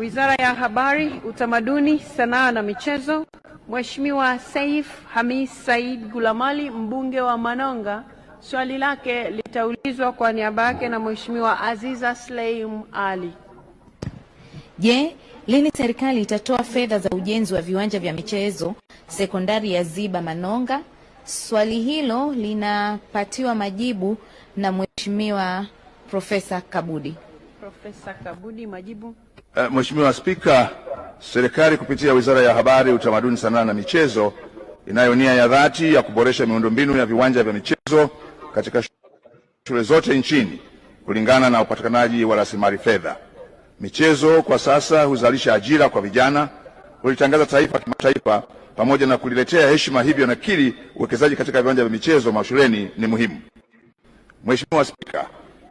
Wizara ya Habari, Utamaduni, Sanaa na Michezo, Mheshimiwa Saif Hamis Said Gulamali, mbunge wa Manonga, swali lake litaulizwa kwa niaba yake na Mheshimiwa Aziza Sleim Ali. Je, lini serikali itatoa fedha za ujenzi wa viwanja vya michezo sekondari ya Ziba Manonga? Swali hilo linapatiwa majibu na Mheshimiwa Profesa Kabudi. Profesa Kabudi, majibu. Eh, Mheshimiwa Spika, serikali kupitia Wizara ya Habari, Utamaduni, Sanaa na Michezo inayo nia ya dhati ya kuboresha miundombinu ya viwanja vya michezo katika shule zote nchini kulingana na upatikanaji wa rasilimali fedha. Michezo kwa sasa huzalisha ajira kwa vijana, hulitangaza taifa kimataifa, pamoja na kuliletea heshima. Hivyo nakiri uwekezaji katika viwanja vya michezo mashuleni ni muhimu. Mheshimiwa Spika,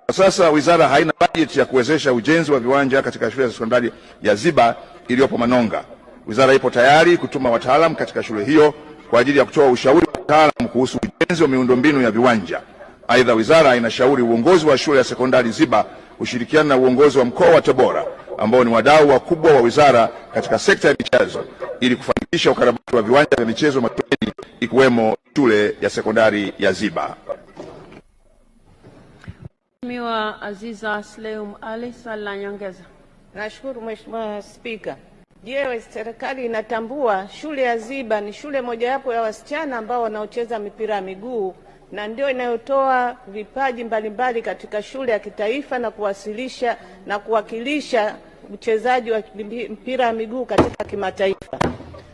kwa Sasa wizara haina bajeti ya kuwezesha ujenzi wa viwanja katika shule ya sekondari ya Ziba iliyopo Manonga. Wizara ipo tayari kutuma wataalamu katika shule hiyo kwa ajili ya kutoa ushauri wa wataalamu kuhusu ujenzi wa miundombinu ya viwanja. Aidha, wizara inashauri uongozi wa shule ya sekondari Ziba kushirikiana na uongozi wa mkoa wa Tabora ambao ni wadau wakubwa wa wizara katika sekta ya michezo ili kufanikisha ukarabati wa viwanja vya michezo mashuleni ikiwemo shule ya sekondari ya Ziba. Mheshimiwa Aziza Sleum Ali, swali la nyongeza. Nashukuru Mheshimiwa Spika. Je, serikali inatambua shule ya Ziba ni shule mojawapo ya wasichana ambao wanaocheza mipira ya miguu na ndio inayotoa vipaji mbalimbali mbali katika shule ya kitaifa na kuwasilisha na kuwakilisha uchezaji wa mpira wa miguu katika kimataifa.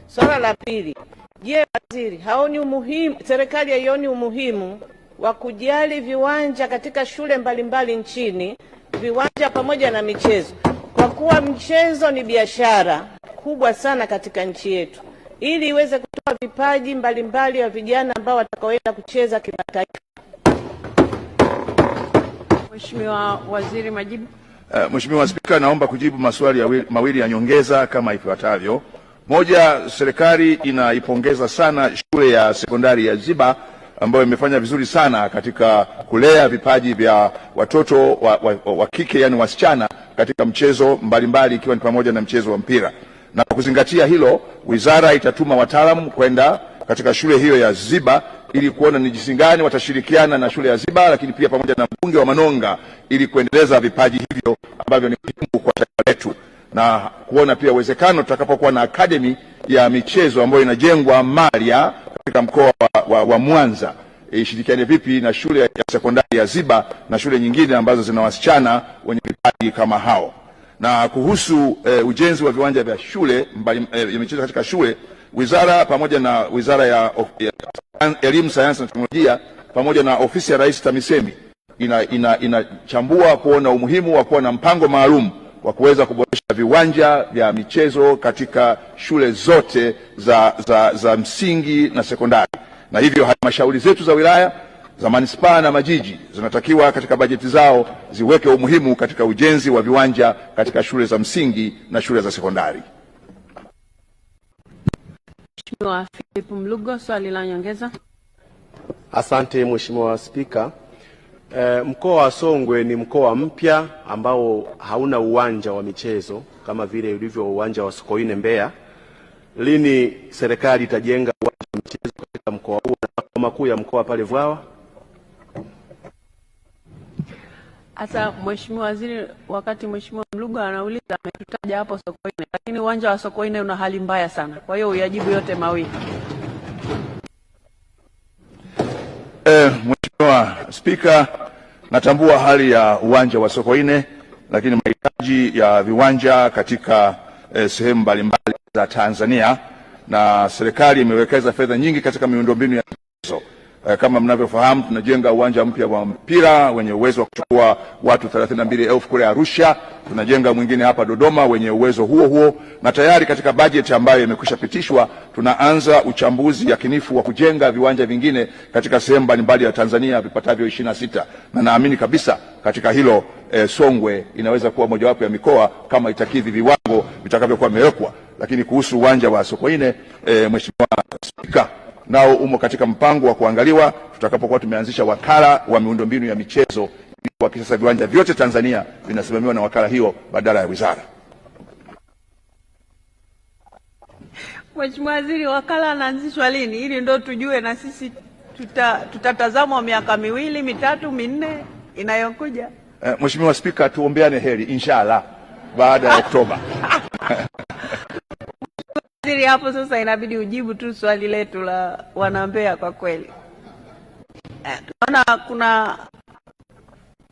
Swala la pili, je, waziri haoni umuhimu, serikali haioni umuhimu wa kujali viwanja katika shule mbalimbali mbali nchini, viwanja pamoja na michezo, kwa kuwa mchezo ni biashara kubwa sana katika nchi yetu, ili iweze kutoa vipaji mbalimbali vya mbali vijana ambao watakaoenda kucheza kimataifa. Mheshimiwa Waziri, majibu. Uh, Mheshimiwa Spika, naomba kujibu maswali mawili ya nyongeza kama ifuatavyo. Moja, serikali inaipongeza sana shule ya sekondari ya Ziba ambayo imefanya vizuri sana katika kulea vipaji vya watoto wa, wa, wa, wa kike yani wasichana katika mchezo mbalimbali mbali, ikiwa ni pamoja na mchezo wa mpira. Na kwa kuzingatia hilo, wizara itatuma wataalamu kwenda katika shule hiyo ya Ziba ili kuona ni jinsi gani watashirikiana na shule ya Ziba, lakini pia pamoja na mbunge wa Manonga ili kuendeleza vipaji hivyo ambavyo ni muhimu kwa taifa letu na kuona pia uwezekano tutakapokuwa na akademi ya michezo ambayo inajengwa Maria katika mkoa wa, wa, wa Mwanza e, ishirikiane vipi na shule ya sekondari ya Ziba na shule nyingine ambazo zina wasichana wenye vipaji kama hao. Na kuhusu e, ujenzi wa viwanja vya shule mbali, e, ya michezo katika shule, wizara pamoja na wizara ya elimu, sayansi na teknolojia pamoja na ofisi ya Rais TAMISEMI inachambua ina, ina kuona umuhimu wa kuwa na mpango maalum wa kuweza kuboresha viwanja vya michezo katika shule zote za, za, za msingi na sekondari, na hivyo halmashauri zetu za wilaya za manispaa na majiji zinatakiwa katika bajeti zao ziweke umuhimu katika ujenzi wa viwanja katika shule za msingi na shule za sekondari. Mheshimiwa Philip Mlugo, swali la nyongeza. Asante Mheshimiwa Spika. E, mkoa wa Songwe ni mkoa mpya ambao hauna uwanja wa michezo kama vile ulivyo uwanja wa Sokoine Mbeya. Lini serikali itajenga uwanja wa michezo katika mkoa huu na makao makuu ya mkoa pale Vwawa? hata Mheshimiwa Waziri, wakati Mheshimiwa Mluga anauliza ametutaja hapo Sokoine, lakini uwanja wa Sokoine una hali mbaya sana, kwa hiyo uyajibu yote mawili eh. Mheshimiwa Spika, natambua hali ya uwanja wa Sokoine, lakini mahitaji ya viwanja katika eh, sehemu mbalimbali za Tanzania na serikali imewekeza fedha nyingi katika miundombinu ya Eh, kama mnavyofahamu tunajenga uwanja mpya wa mpira wenye uwezo wa kuchukua watu 32,000 kule Arusha. Tunajenga mwingine hapa Dodoma wenye uwezo huo huo, na tayari katika bajeti ambayo imekwisha pitishwa tunaanza uchambuzi yakinifu wa kujenga viwanja vingine katika sehemu mbalimbali ya Tanzania vipatavyo 26 na naamini kabisa katika hilo eh, Songwe inaweza kuwa mojawapo ya mikoa kama itakidhi viwango vitakavyokuwa vimewekwa. Lakini kuhusu uwanja wa Sokoine, eh, Mheshimiwa Spika nao umo katika mpango wa kuangaliwa tutakapokuwa tumeanzisha wakala wa miundombinu ya michezo kwa kisasa viwanja vyote Tanzania vinasimamiwa na wakala hiyo badala ya wizara. Mheshimiwa Waziri, wakala anaanzishwa lini ili ndo tujue na sisi tutatazamwa tuta miaka miwili mitatu minne inayokuja. Eh, Mheshimiwa Spika, tuombeane heri inshallah baada ya Oktoba. Waziri, hapo sasa inabidi ujibu tu swali letu la wanambea. Kwa kweli eh, tunaona kuna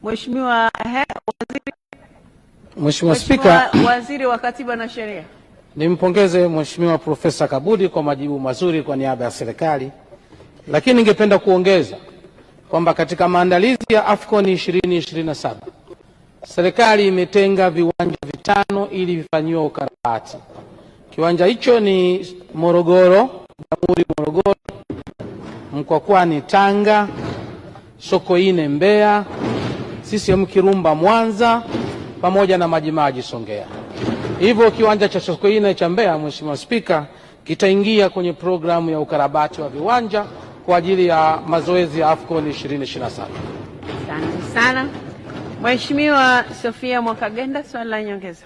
mheshimiwa eh, waziri, Mheshimiwa Spika, waziri wa Katiba na Sheria, nimpongeze Mheshimiwa Profesa Kabudi kwa majibu mazuri kwa niaba ya serikali, lakini ningependa kuongeza kwamba katika maandalizi ya AFCON 2027 serikali imetenga viwanja vitano ili vifanyiwe ukarabati. Kiwanja hicho ni Morogoro, Jamhuri Morogoro, Mkwakwani Tanga, Sokoine Mbeya, CCM Kirumba Mwanza, pamoja na Majimaji Songea. Hivyo kiwanja cha Sokoine cha Mbeya, Mheshimiwa Spika, kitaingia kwenye programu ya ukarabati wa viwanja kwa ajili ya mazoezi ya AFCON 2027. Asante sana Mheshimiwa Sofia Mwakagenda, swali la nyongeza.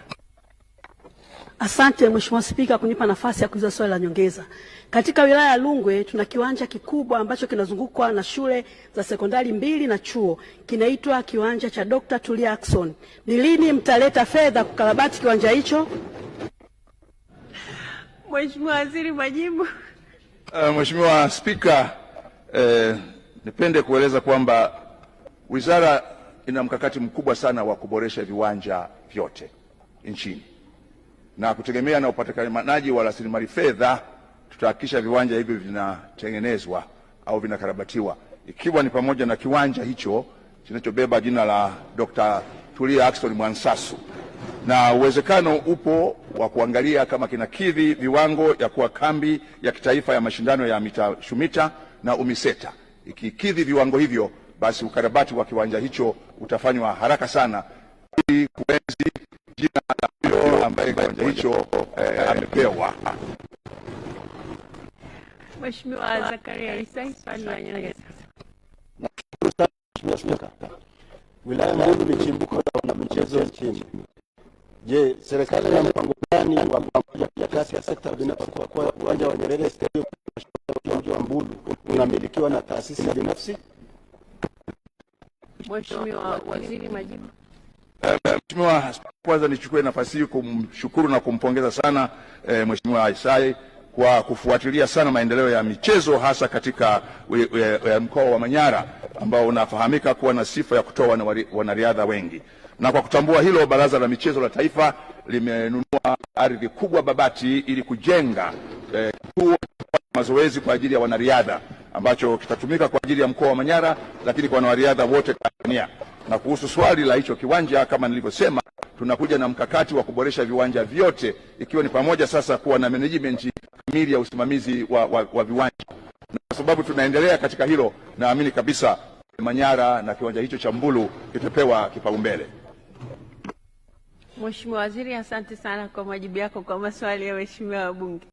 Asante Mheshimiwa Spika kunipa nafasi ya kuuliza swali la nyongeza. Katika wilaya ya lungwe tuna kiwanja kikubwa ambacho kinazungukwa na shule za sekondari mbili na chuo, kinaitwa kiwanja cha Dr. Tulia Ackson. Ni lini mtaleta fedha kukarabati kiwanja hicho? Mheshimiwa Waziri, majibu. Uh, Mheshimiwa Spika, eh, nipende kueleza kwamba wizara ina mkakati mkubwa sana wa kuboresha viwanja vyote nchini na kutegemea na upatikanaji wa rasilimali fedha tutahakikisha viwanja hivyo vinatengenezwa au vinakarabatiwa, ikiwa ni pamoja na kiwanja hicho kinachobeba jina la Dr. Tulia Ackson Mwansasu, na uwezekano upo wa kuangalia kama kinakidhi viwango ya kuwa kambi ya kitaifa ya mashindano ya mita SHUMITA na UMISETA. Ikikidhi viwango hivyo, basi ukarabati wa kiwanja hicho utafanywa haraka sana ili kuenzi alichopewa. Eh, Mheshimiwa Zakaria Isa, swali la nyongeza. Nashukuru sana Mheshimiwa Spika. Wilaya Maundu ni chimbuko la wanamichezo nchini. Je, serikali ina mpango gani wa moja kati ya sekta binafsi kwa kuwa uwanja wa Nyerere Stadium wa Mbulu unamilikiwa na taasisi binafsi? Mheshimiwa Waziri, majibu. Mheshimiwa, kwanza nichukue nafasi hii kumshukuru na kumpongeza sana e, Mheshimiwa Isai kwa kufuatilia sana maendeleo ya michezo hasa katika mkoa wa Manyara ambao unafahamika kuwa na sifa ya kutoa wanariadha wengi. Na kwa kutambua hilo, Baraza la Michezo la Taifa limenunua ardhi kubwa Babati ili kujenga e, kituo mazoezi kwa ajili ya wanariadha ambacho kitatumika kwa ajili ya mkoa wa Manyara, lakini kwa wanariadha wote Tanzania. Na kuhusu swali la hicho kiwanja, kama nilivyosema, tunakuja na mkakati wa kuboresha viwanja vyote, ikiwa ni pamoja sasa kuwa na management kamili ya usimamizi wa, wa, wa viwanja, na kwa sababu tunaendelea katika hilo, naamini kabisa Manyara na kiwanja hicho cha Mbulu kitapewa kipaumbele. Mheshimiwa Waziri, asante sana kwa majibu yako kwa maswali ya waheshimiwa wabunge.